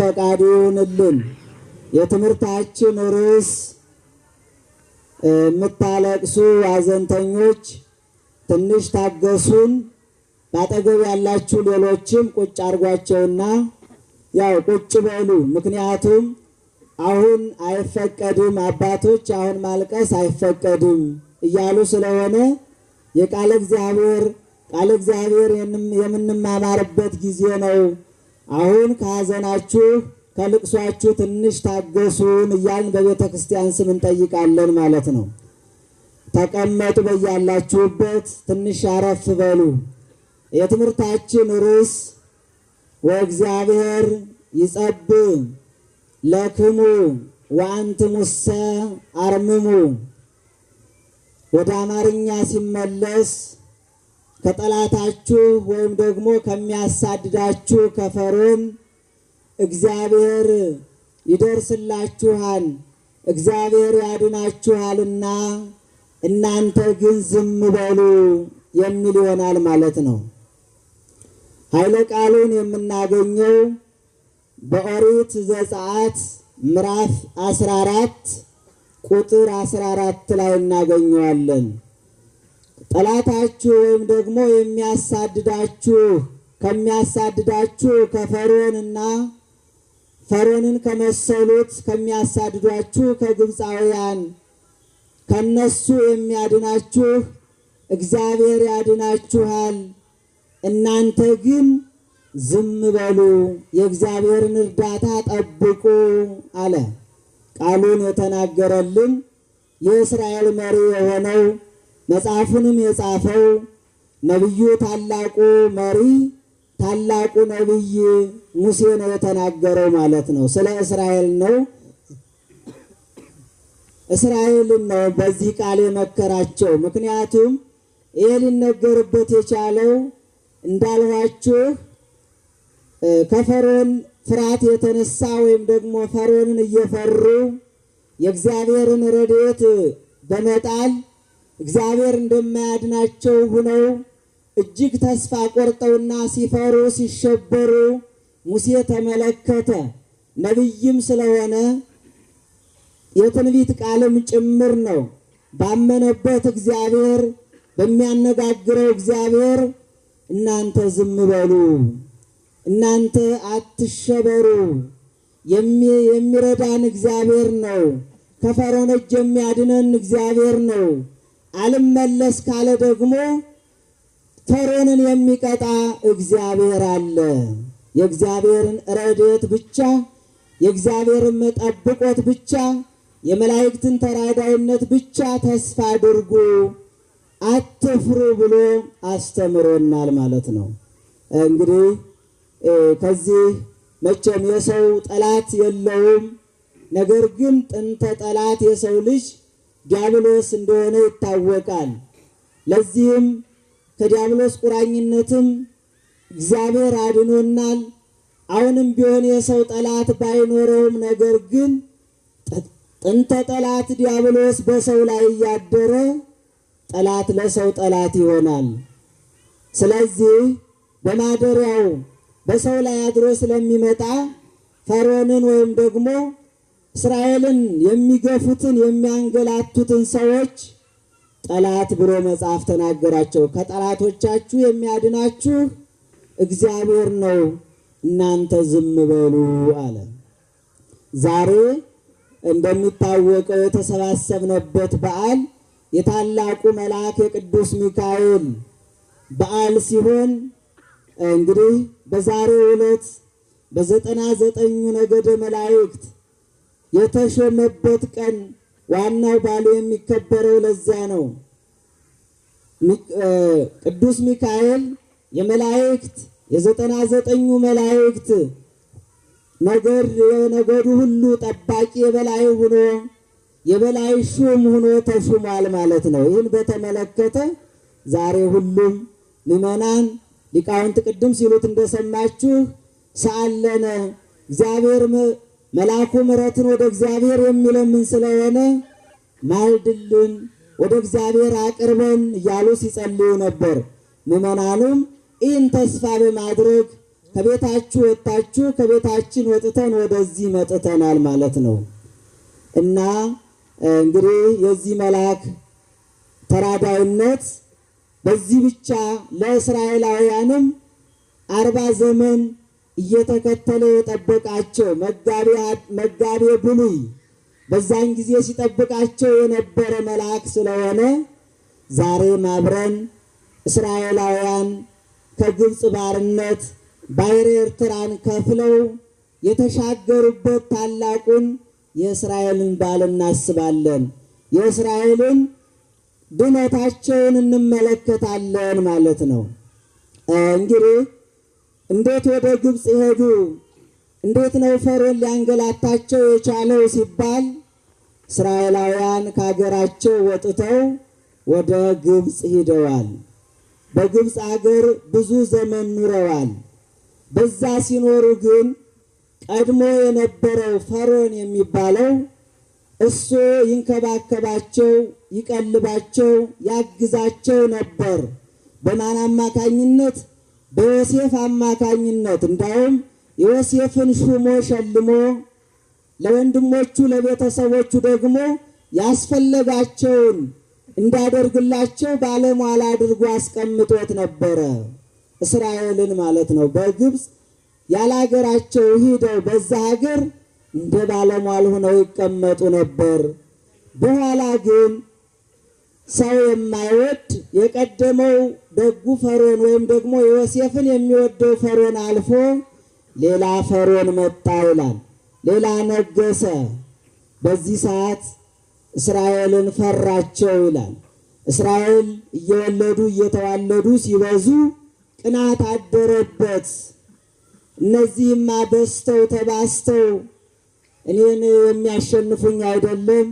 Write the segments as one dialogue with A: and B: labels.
A: ፈቃዱ ይሁንልን። የትምህርታችን ርዕስ የምታለቅሱ አዘንተኞች ትንሽ ታገሱን። ባጠገብ ያላችሁ ሌሎችም ቁጭ አድርጓቸውና ያው ቁጭ በሉ። ምክንያቱም አሁን አይፈቀድም፣ አባቶች አሁን ማልቀስ አይፈቀድም እያሉ ስለሆነ የቃለ እግዚአብሔር ቃለ እግዚአብሔር የምንማማርበት ጊዜ ነው። አሁን ከሐዘናችሁ ከልቅሷችሁ ትንሽ ታገሱን እያልን በቤተ ክርስቲያን ስም እንጠይቃለን ማለት ነው። ተቀመጡ፣ በያላችሁበት ትንሽ አረፍ በሉ። የትምህርታችን ርዕስ ወእግዚአብሔር ይጸብ ለክሙ ወአንትሙሰ አርምሙ ወደ አማርኛ ሲመለስ ከጠላታችሁ ወይም ደግሞ ከሚያሳድዳችሁ ከፈሮም እግዚአብሔር ይደርስላችኋል፣ እግዚአብሔር ያድናችኋልና እናንተ ግን ዝም በሉ የሚል ይሆናል ማለት ነው። ኃይለ ቃሉን የምናገኘው በኦሪት ዘጸአት ምዕራፍ 14 ቁጥር 14 ላይ እናገኘዋለን። ጠላታችሁ ወይም ደግሞ የሚያሳድዳችሁ ከሚያሳድዳችሁ ከፈርዖንና ፈርዖንን ከመሰሉት ከሚያሳድዷችሁ ከግብፃውያን ከነሱ የሚያድናችሁ እግዚአብሔር ያድናችኋል። እናንተ ግን ዝም በሉ፣ የእግዚአብሔርን እርዳታ ጠብቁ አለ። ቃሉን የተናገረልን የእስራኤል መሪ የሆነው መጽሐፉንም የጻፈው ነቢዩ ታላቁ መሪ ታላቁ ነቢይ ሙሴ ነው የተናገረው ማለት ነው። ስለ እስራኤል ነው። እስራኤልን ነው በዚህ ቃል የመከራቸው። ምክንያቱም ይህ ሊነገርበት የቻለው እንዳልኋችሁ ከፈርዖን ፍርሃት የተነሳ ወይም ደግሞ ፈርዖንን እየፈሩ የእግዚአብሔርን ረድኤት በመጣል እግዚአብሔር እንደማያድናቸው ሆነው እጅግ ተስፋ ቆርጠውና ሲፈሩ ሲሸበሩ ሙሴ ተመለከተ። ነቢይም ስለሆነ የትንቢት ቃልም ጭምር ነው። ባመነበት እግዚአብሔር በሚያነጋግረው እግዚአብሔር እናንተ ዝም በሉ፣ እናንተ አትሸበሩ፣ የሚረዳን እግዚአብሔር ነው፣ ከፈርዖን እጅ የሚያድነን እግዚአብሔር ነው አልመለስ ካለ ደግሞ ተሮንን የሚቀጣ እግዚአብሔር አለ። የእግዚአብሔርን ረድኤት ብቻ የእግዚአብሔርን መጠብቆት ብቻ የመላእክትን ተራዳይነት ብቻ ተስፋ አድርጉ አትፍሩ ብሎ አስተምሮናል ማለት ነው። እንግዲህ ከዚህ መቼም የሰው ጠላት የለውም። ነገር ግን ጥንተ ጠላት የሰው ልጅ ዲያብሎስ እንደሆነ ይታወቃል። ለዚህም ከዲያብሎስ ቁራኝነትም እግዚአብሔር አድኖናል። አሁንም ቢሆን የሰው ጠላት ባይኖረውም፣ ነገር ግን ጥንተ ጠላት ዲያብሎስ በሰው ላይ እያደረ ጠላት ለሰው ጠላት ይሆናል። ስለዚህ በማደሪያው በሰው ላይ አድሮ ስለሚመጣ ፈርዖንን ወይም ደግሞ እስራኤልን የሚገፉትን የሚያንገላቱትን ሰዎች ጠላት ብሎ መጽሐፍ ተናገራቸው። ከጠላቶቻችሁ የሚያድናችሁ እግዚአብሔር ነው፣ እናንተ ዝም በሉ አለ። ዛሬ እንደሚታወቀው የተሰባሰብነበት በዓል የታላቁ መልአክ የቅዱስ ሚካኤል በዓል ሲሆን እንግዲህ በዛሬው ዕለት በዘጠና ዘጠኙ ነገደ መላእክት የተሾመበት ቀን ዋናው በዓሉ የሚከበረው ለዛ ነው። ቅዱስ ሚካኤል የመላእክት የዘጠና ዘጠኙ መላእክት ነገር የነገዱ ሁሉ ጠባቂ የበላይ ሆኖ የበላይ ሹም ሆኖ ተሹሟል ማለት ነው። ይህን በተመለከተ ዛሬ ሁሉም ምዕመናን ሊቃውንት ቅድም ሲሉት እንደሰማችሁ ሰአለነ እግዚአብሔር መልአኩ ምሕረትን ወደ እግዚአብሔር የሚለምን ስለሆነ ማልድልን፣ ወደ እግዚአብሔር አቅርበን እያሉ ሲጸልዩ ነበር። ምዕመናኑም ይህን ተስፋ በማድረግ ከቤታችሁ ወጥታችሁ ከቤታችን ወጥተን ወደዚህ መጥተናል ማለት ነው እና እንግዲህ የዚህ መልአክ ተራዳይነት በዚህ ብቻ ለእስራኤላውያንም አርባ ዘመን እየተከተለ የጠበቃቸው መጋቤ ብሉይ በዛን ጊዜ ሲጠብቃቸው የነበረ መልአክ ስለሆነ ዛሬም አብረን እስራኤላውያን ከግብፅ ባርነት ባሕረ ኤርትራን ከፍለው የተሻገሩበት ታላቁን የእስራኤልን በዓል እናስባለን። የእስራኤልን ድነታቸውን እንመለከታለን ማለት ነው እንግዲህ እንዴት ወደ ግብፅ ሄዱ? እንዴት ነው ፈርዖን ሊያንገላታቸው የቻለው ሲባል እስራኤላውያን ከአገራቸው ወጥተው ወደ ግብፅ ሂደዋል። በግብፅ አገር ብዙ ዘመን ኑረዋል። በዛ ሲኖሩ ግን ቀድሞ የነበረው ፈርዖን የሚባለው እሱ ይንከባከባቸው፣ ይቀልባቸው፣ ያግዛቸው ነበር። በማን አማካኝነት? በዮሴፍ አማካኝነት እንዳውም ዮሴፍን ሹሞ ሸልሞ ለወንድሞቹ ለቤተሰቦቹ ደግሞ ያስፈለጋቸውን እንዳደርግላቸው ባለሟል አድርጎ አስቀምጦት ነበረ። እስራኤልን ማለት ነው። በግብፅ ያለ ሂደው በዛ ሀገር እንደ ባለሟል ሆነው ይቀመጡ ነበር። በኋላ ግን ሰው የማይወድ የቀደመው ደጉ ፈርዖን ወይም ደግሞ ዮሴፍን የሚወደው ፈርዖን አልፎ ሌላ ፈርዖን መጣ ይላል። ሌላ ነገሰ። በዚህ ሰዓት እስራኤልን ፈራቸው ይላል። እስራኤል እየወለዱ እየተዋለዱ ሲበዙ ቅናት አደረበት። እነዚህማ በዝተው ተባስተው እኔን የሚያሸንፉኝ አይደለም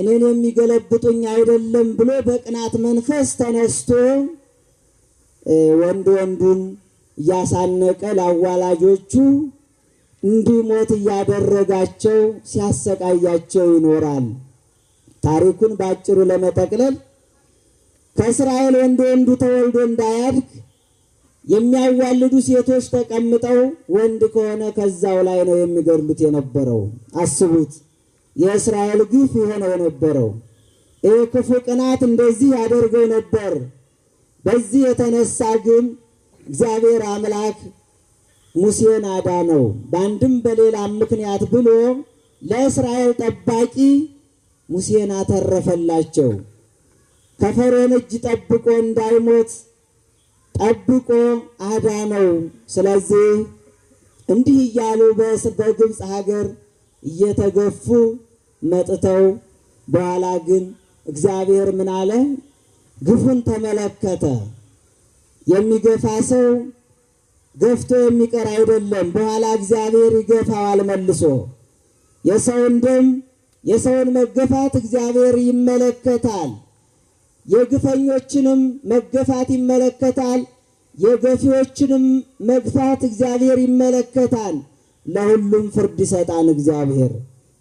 A: እኔን የሚገለብጡኝ አይደለም ብሎ በቅናት መንፈስ ተነስቶ ወንድ ወንዱን እያሳነቀ ለአዋላጆቹ እንዲሞት እያደረጋቸው ሲያሰቃያቸው ይኖራል። ታሪኩን በአጭሩ ለመጠቅለል ከእስራኤል ወንድ ወንዱ ተወልዶ እንዳያድግ የሚያዋልዱ ሴቶች ተቀምጠው ወንድ ከሆነ ከዛው ላይ ነው የሚገድሉት የነበረው። አስቡት። የእስራኤል ግፍ የሆነው የነበረው ይህ ክፉ ቅናት እንደዚህ ያደርገው ነበር። በዚህ የተነሳ ግን እግዚአብሔር አምላክ ሙሴን አዳነው። በአንድም በሌላ ምክንያት ብሎ ለእስራኤል ጠባቂ ሙሴን አተረፈላቸው። ከፈርዖን እጅ ጠብቆ እንዳይሞት ጠብቆ አዳነው። ስለዚህ እንዲህ እያሉ በግብፅ ሀገር እየተገፉ መጥተው በኋላ ግን እግዚአብሔር ምን አለ? ግፉን ተመለከተ። የሚገፋ ሰው ገፍቶ የሚቀር አይደለም፣ በኋላ እግዚአብሔር ይገፋዋል መልሶ። የሰውን ደም የሰውን መገፋት እግዚአብሔር ይመለከታል። የግፈኞችንም መገፋት ይመለከታል። የገፊዎችንም መግፋት እግዚአብሔር ይመለከታል። ለሁሉም ፍርድ ይሰጣል እግዚአብሔር።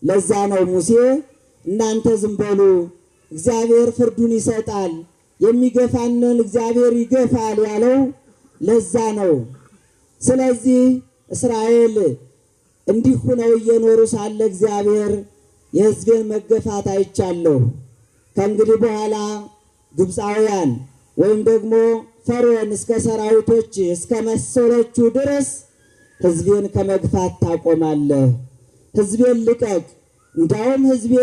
A: ለዛ ነው ሙሴ እናንተ ዝም በሉ፣ እግዚአብሔር ፍርዱን ይሰጣል፣ የሚገፋንን እግዚአብሔር ይገፋል ያለው ለዛ ነው። ስለዚህ እስራኤል እንዲሁ ነው እየኖሩ ሳለ እግዚአብሔር የሕዝቤን መገፋት አይቻለሁ፣ ከእንግዲህ በኋላ ግብፃውያን ወይም ደግሞ ፈርዖን እስከ ሰራዊቶች እስከ መሰሎቹ ድረስ ሕዝቤን ከመግፋት ታቆማለህ ህዝቤ ልቀቅ፣ እንዳውም ህዝቤ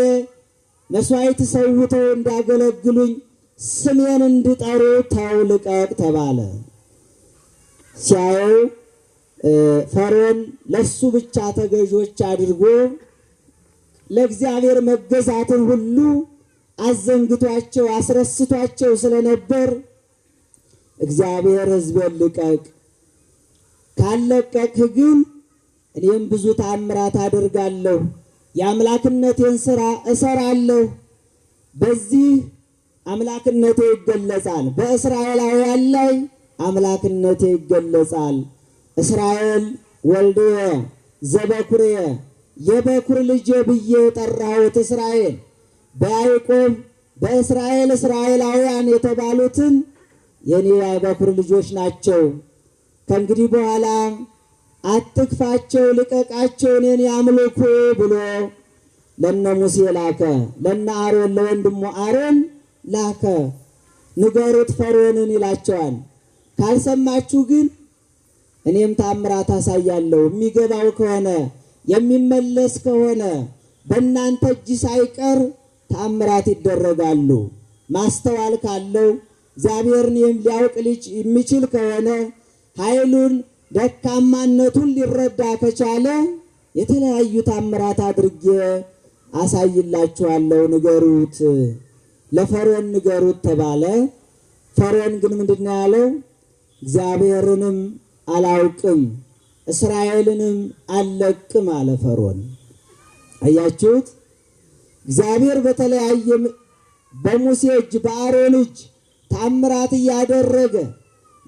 A: መስዋዕት ሰውተው እንዳገለግሉኝ ስሜን እንድጠሩ ተው፣ ልቀቅ ተባለ። ሲያየው ፈርዖን ለሱ ብቻ ተገዦች አድርጎ ለእግዚአብሔር መገዛትን ሁሉ አዘንግቷቸው አስረስቷቸው ስለነበር እግዚአብሔር ህዝቤን ልቀቅ፣ ካልለቀቅህ ግን እኔም ብዙ ተአምራት አደርጋለሁ፣ የአምላክነቴን ስራ እሰራለሁ። በዚህ አምላክነቴ ይገለጻል፣ በእስራኤላውያን ላይ አምላክነቴ ይገለጻል። እስራኤል ወልድየ ዘበኩርየ የበኩር ልጄ ብዬ ጠራሁት። እስራኤል በያዕቆብ በእስራኤል እስራኤላውያን የተባሉትን የኔ የበኩር ልጆች ናቸው። ከእንግዲህ በኋላ አትክፋቸው፣ ልቀቃቸው፣ እኔን ያምልኩ ብሎ ለነ ሙሴ ላከ። ለነ አሮን ለወንድሙ አሮን ላከ። ንገሩት ፈርዖንን ይላቸዋል። ካልሰማችሁ ግን እኔም ታምራት አሳያለሁ። የሚገባው ከሆነ የሚመለስ ከሆነ በእናንተ እጅ ሳይቀር ታምራት ይደረጋሉ። ማስተዋል ካለው እግዚአብሔርን ሊያውቅ የሚችል ከሆነ ኃይሉን ደካማነቱን ሊረዳ ከቻለ የተለያዩ ታምራት አድርጌ አሳይላችኋለሁ፣ ንገሩት፣ ለፈሮን ንገሩት ተባለ። ፈሮን ግን ምንድን ነው ያለው? እግዚአብሔርንም አላውቅም እስራኤልንም አልለቅም አለ ፈሮን። አያችሁት? እግዚአብሔር በተለያየ በሙሴ እጅ በአሮን እጅ ታምራት እያደረገ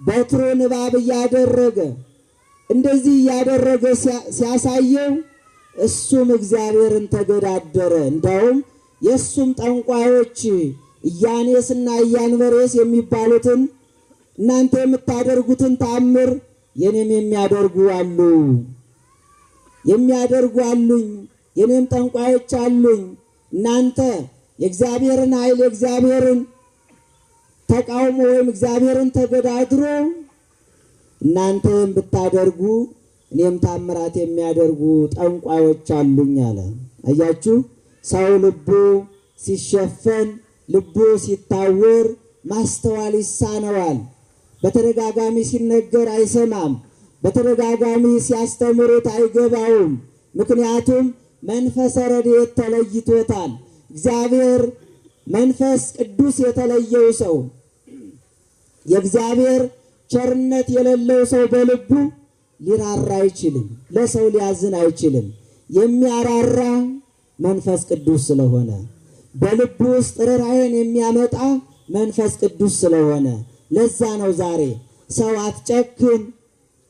A: በትሮ እባብ እያደረገ እንደዚህ እያደረገ ሲያሳየው እሱም እግዚአብሔርን ተገዳደረ። እንዳውም የእሱም ጠንቋዮች እያኔስና እያንበሬስ የሚባሉትን እናንተ የምታደርጉትን ተአምር የኔም የሚያደርጉ አሉ የሚያደርጉ አሉኝ፣ የኔም ጠንቋዮች አሉኝ። እናንተ የእግዚአብሔርን ኃይል የእግዚአብሔርን ተቃውሞ ወይም እግዚአብሔርን ተገዳድሮ እናንተም ብታደርጉ እኔም ታምራት የሚያደርጉ ጠንቋዮች አሉኝ አለ። አያችሁ፣ ሰው ልቡ ሲሸፈን ልቡ ሲታወር ማስተዋል ይሳነዋል። በተደጋጋሚ ሲነገር አይሰማም። በተደጋጋሚ ሲያስተምሩት አይገባውም። ምክንያቱም መንፈሰ ረድኤት ተለይቶታል። እግዚአብሔር መንፈስ ቅዱስ የተለየው ሰው የእግዚአብሔር ቸርነት የሌለው ሰው በልቡ ሊራራ አይችልም፣ ለሰው ሊያዝን አይችልም። የሚያራራ መንፈስ ቅዱስ ስለሆነ በልቡ ውስጥ ርኅራኄን የሚያመጣ መንፈስ ቅዱስ ስለሆነ ለዛ ነው ዛሬ ሰው አትጨክን፣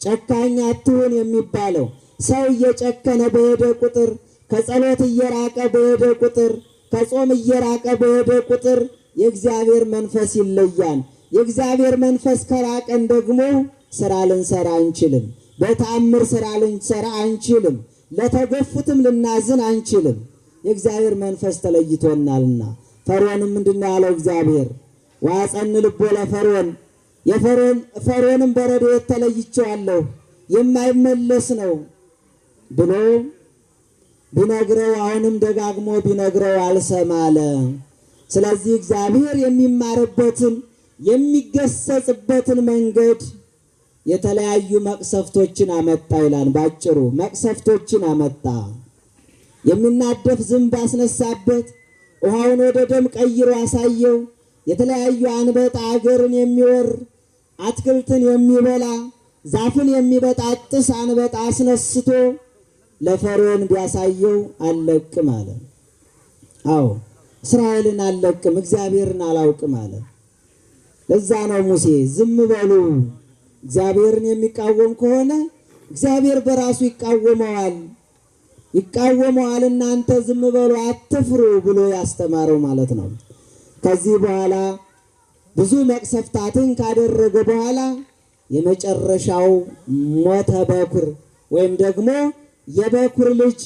A: ጨካኝ አትሁን የሚባለው። ሰው እየጨከነ በሄደ ቁጥር፣ ከጸሎት እየራቀ በሄደ ቁጥር፣ ከጾም እየራቀ በሄደ ቁጥር የእግዚአብሔር መንፈስ ይለያል። የእግዚአብሔር መንፈስ ከራቀን ደግሞ ስራ ልንሰራ አንችልም። በተአምር ስራ ልንሰራ አንችልም። ለተገፉትም ልናዝን አንችልም። የእግዚአብሔር መንፈስ ተለይቶናልና ፈርዖንም ምንድን ነው ያለው እግዚአብሔር ዋፀን ልቦ ለፈርዖን ፈርዖንም በረድኤት ተለይቼዋለሁ የማይመለስ ነው ብሎ ቢነግረው አሁንም ደጋግሞ ቢነግረው አልሰማለ። ስለዚህ እግዚአብሔር የሚማርበትን የሚገሰጽበትን መንገድ የተለያዩ መቅሰፍቶችን አመጣ ይላል። ባጭሩ መቅሰፍቶችን አመጣ። የሚናደፍ ዝንብ አስነሳበት፣ ውሃውን ወደ ደም ቀይሮ አሳየው። የተለያዩ አንበጣ አገርን የሚወር አትክልትን የሚበላ ዛፍን የሚበጣጥስ አንበጣ አስነስቶ ለፈርዖን ቢያሳየው አልለቅም አለ። አዎ እስራኤልን አለቅም፣ እግዚአብሔርን አላውቅም አለ። ለዛ ነው ሙሴ ዝም በሉ፣ እግዚአብሔርን የሚቃወም ከሆነ እግዚአብሔር በራሱ ይቃወመዋል ይቃወመዋል እናንተ ዝም በሉ አትፍሩ ብሎ ያስተማረው ማለት ነው። ከዚህ በኋላ ብዙ መቅሰፍታትን ካደረገ በኋላ የመጨረሻው ሞተ በኩር ወይም ደግሞ የበኩር ልጅ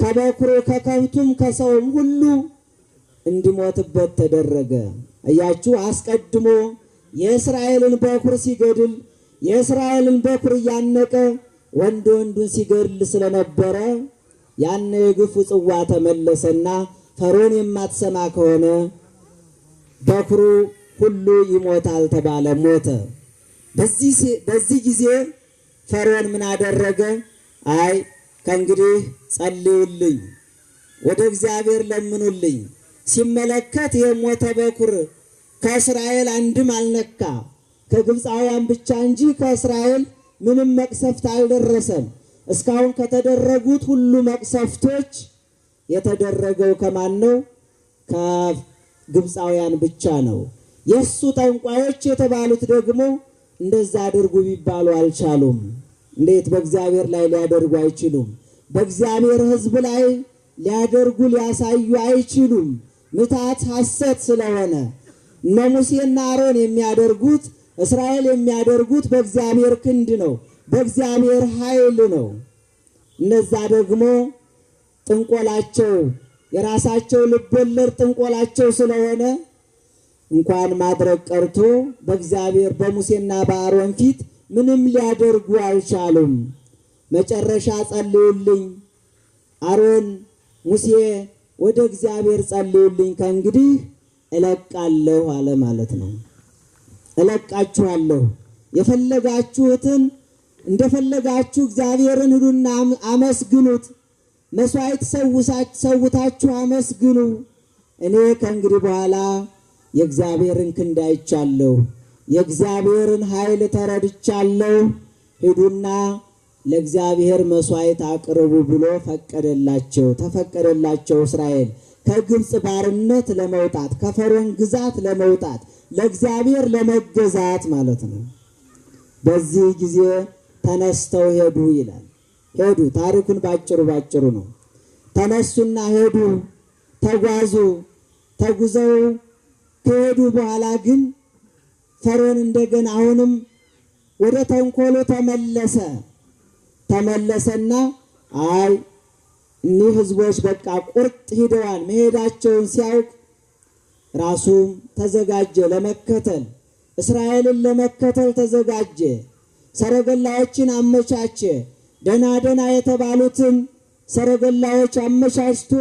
A: ከበኩሩ ከከብቱም ከሰውም ሁሉ እንዲሞትበት ተደረገ። እያችሁ አስቀድሞ የእስራኤልን በኩር ሲገድል የእስራኤልን በኩር እያነቀ ወንድ ወንዱን ሲገድል ስለነበረ ያነ የግፉ ጽዋ ተመለሰና ፈርዖን የማትሰማ ከሆነ በኩሩ ሁሉ ይሞታል ተባለ። ሞተ። በዚህ ጊዜ ፈርዖን ምን አደረገ? አይ ከእንግዲህ ጸልዩልኝ፣ ወደ እግዚአብሔር ለምኑልኝ ሲመለከት የሞተ በኩር ከእስራኤል አንድም አልነካ፣ ከግብፃውያን ብቻ እንጂ ከእስራኤል ምንም መቅሰፍት አልደረሰም። እስካሁን ከተደረጉት ሁሉ መቅሰፍቶች የተደረገው ከማን ነው? ከግብፃውያን ብቻ ነው። የእሱ ጠንቋዮች የተባሉት ደግሞ እንደዛ አድርጉ ቢባሉ አልቻሉም። እንዴት በእግዚአብሔር ላይ ሊያደርጉ አይችሉም። በእግዚአብሔር ሕዝብ ላይ ሊያደርጉ ሊያሳዩ አይችሉም። ምታት ሐሰት ስለሆነ እነ ሙሴና አሮን የሚያደርጉት እስራኤል የሚያደርጉት በእግዚአብሔር ክንድ ነው፣ በእግዚአብሔር ኃይል ነው። እነዛ ደግሞ ጥንቆላቸው የራሳቸው ልቦለድ ጥንቆላቸው ስለሆነ እንኳን ማድረግ ቀርቶ በእግዚአብሔር በሙሴና በአሮን ፊት ምንም ሊያደርጉ አልቻሉም። መጨረሻ ጸልዩልኝ አሮን ሙሴ ወደ እግዚአብሔር ጸልዩልኝ፣ ከእንግዲህ እለቃለሁ አለ ማለት ነው። እለቃችኋለሁ፣ የፈለጋችሁትን እንደፈለጋችሁ እግዚአብሔርን ሂዱና አመስግኑት፣ መስዋዕት ሰውታችሁ አመስግኑ። እኔ ከእንግዲህ በኋላ የእግዚአብሔርን ክንድ አይቻለሁ፣ የእግዚአብሔርን ኃይል ተረድቻለሁ። ሂዱና ለእግዚአብሔር መስዋዕት አቅርቡ ብሎ ፈቀደላቸው። ተፈቀደላቸው እስራኤል ከግብፅ ባርነት ለመውጣት ከፈሮን ግዛት ለመውጣት ለእግዚአብሔር ለመገዛት ማለት ነው። በዚህ ጊዜ ተነስተው ሄዱ ይላል። ሄዱ ታሪኩን ባጭሩ ባጭሩ ነው። ተነሱና ሄዱ፣ ተጓዙ። ተጉዘው ከሄዱ በኋላ ግን ፈሮን እንደገና አሁንም ወደ ተንኮሎ ተመለሰ። ተመለሰና አይ እኒህ ህዝቦች በቃ ቁርጥ ሂደዋል መሄዳቸውን ሲያውቅ ራሱም ተዘጋጀ ለመከተል እስራኤልን ለመከተል ተዘጋጀ። ሰረገላዎችን አመቻቸ። ደና ደና የተባሉትን ሰረገላዎች አመቻችቶ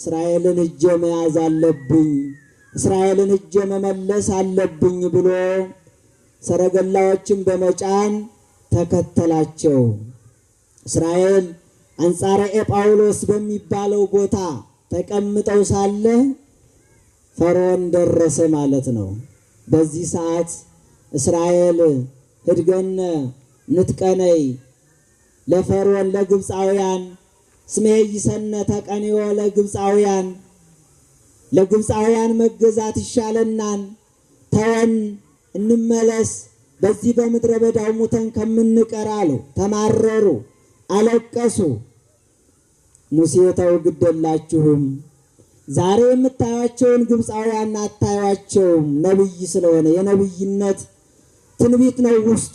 A: እስራኤልን እጀ መያዝ አለብኝ፣ እስራኤልን እጀ መመለስ አለብኝ ብሎ ሰረገላዎችን በመጫን ተከተላቸው። እስራኤል አንጻረ ኤጳውሎስ በሚባለው ቦታ ተቀምጠው ሳለ ፈርዖን ደረሰ ማለት ነው። በዚህ ሰዓት እስራኤል ህድገነ ንጥቀነይ ለፈርዖን ለግብፃውያን ስሜ ይሰነ ተቀንዮ ለግብፃውያን ለግብፃውያን መገዛት ይሻለናን፣ ተወን፣ እንመለስ፣ በዚህ በምድረ በዳው ሙተን ከምንቀር አለው። ተማረሩ። አለቀሱ። ሙሴ ተው ግደላችሁም፣ ዛሬ የምታያቸውን ግብፃውያን አታያቸውም ነብይ ስለሆነ የነብይነት ትንቢት ነው ውስጡ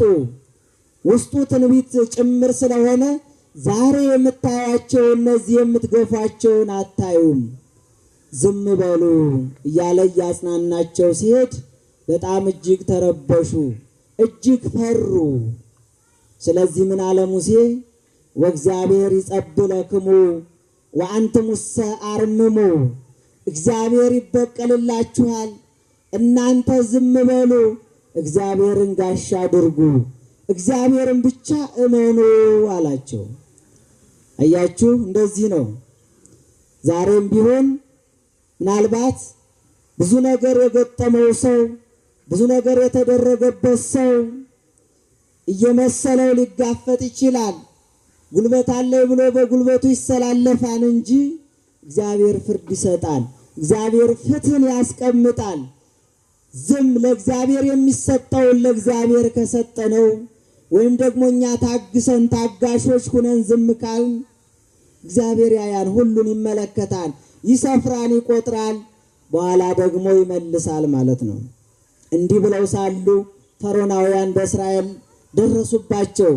A: ውስጡ ትንቢት ጭምር ስለሆነ ዛሬ የምታያቸው እነዚህ የምትገፏቸውን አታዩም፣ ዝም በሉ እያለ እያጽናናቸው ሲሄድ በጣም እጅግ ተረበሹ፣ እጅግ ፈሩ። ስለዚህ ምን አለ ሙሴ ወእግዚአብሔር ይጸብለክሙ ወአንትሙሰ አርምሙ፣ እግዚአብሔር ይበቀልላችኋል፣ እናንተ ዝም በሉ። እግዚአብሔርን ጋሻ አድርጉ፣ እግዚአብሔርን ብቻ እመኑ አላቸው። አያችሁ፣ እንደዚህ ነው። ዛሬም ቢሆን ምናልባት ብዙ ነገር የገጠመው ሰው ብዙ ነገር የተደረገበት ሰው እየመሰለው ሊጋፈጥ ይችላል። ጉልበት አለ ብሎ በጉልበቱ ይሰላለፋል እንጂ እግዚአብሔር ፍርድ ይሰጣል። እግዚአብሔር ፍትህን ያስቀምጣል። ዝም ለእግዚአብሔር የሚሰጠውን ለእግዚአብሔር ከሰጠነው ወይም ደግሞ እኛ ታግሰን ታጋሾች ሁነን ዝም ካልን እግዚአብሔር ያያን ሁሉን ይመለከታል፣ ይሰፍራን፣ ይቆጥራል፣ በኋላ ደግሞ ይመልሳል ማለት ነው። እንዲህ ብለው ሳሉ ፈሮናውያን በእስራኤል ደረሱባቸው።